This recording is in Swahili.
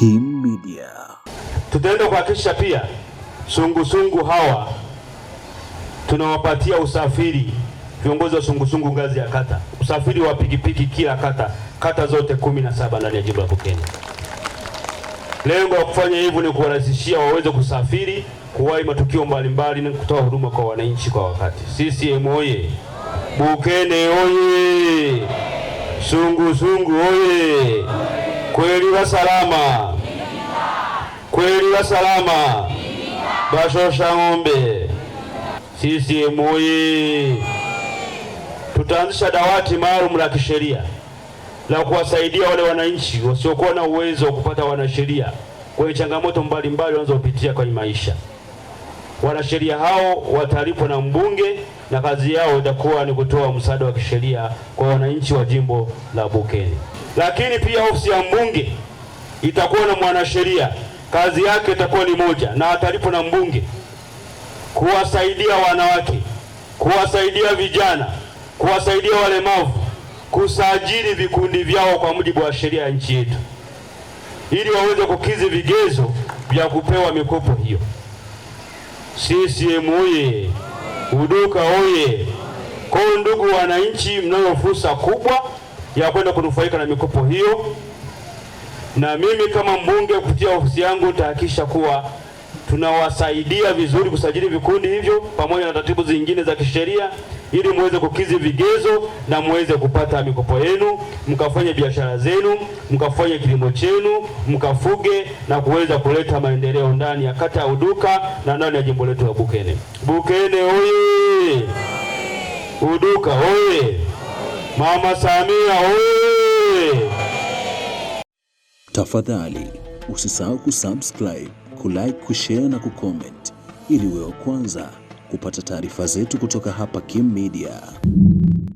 Kim Media. Tutaenda kuhakikisha pia sungusungu hawa tunawapatia usafiri viongozi wa sungusungu ngazi ya kata, usafiri wa pikipiki kila kata, kata zote kumi na saba ndani ya jimbo la Bukene. Lengo la kufanya hivyo ni kuwarahisishia waweze kusafiri, kuwahi matukio mbalimbali na kutoa huduma kwa wananchi kwa wakati. CCM oye! Bukene oye! Sungusungu oye! kweli wa salama, kweli wa salama, bashosha ng'ombe. CCM oye! Tutaanzisha dawati maalum la kisheria la kuwasaidia wale wananchi wasiokuwa na uwezo wa kupata wanasheria kwenye changamoto mbalimbali wanazopitia kwenye maisha. Wanasheria hao watalipwa na mbunge na kazi yao itakuwa ni kutoa msaada wa kisheria kwa wananchi wa jimbo la Bukene lakini pia ofisi ya mbunge itakuwa na mwanasheria, kazi yake itakuwa ni moja, na atalipo na mbunge kuwasaidia wanawake, kuwasaidia vijana, kuwasaidia walemavu, kusajili vikundi vyao kwa mujibu wa sheria ya nchi yetu, ili waweze kukizi vigezo vya kupewa mikopo hiyo. CCM oye! Uduka oye! Kwa ndugu wananchi, mnayo fursa kubwa ya kwenda kunufaika na mikopo hiyo, na mimi kama mbunge kupitia ofisi yangu nitahakikisha kuwa tunawasaidia vizuri kusajili vikundi hivyo pamoja na taratibu zingine za kisheria ili muweze kukizi vigezo na muweze kupata mikopo yenu, mkafanye biashara zenu, mkafanye kilimo chenu, mkafuge na kuweza kuleta maendeleo ndani ya kata ya Uduka na ndani ya jimbo letu la Bukene. Bukene oye! Uduka oye! Mama Samia oye! Tafadhali usisahau kusubscribe, kulike, kushare na kucomment ili uwe wa kwanza kupata taarifa zetu kutoka hapa Kim Media.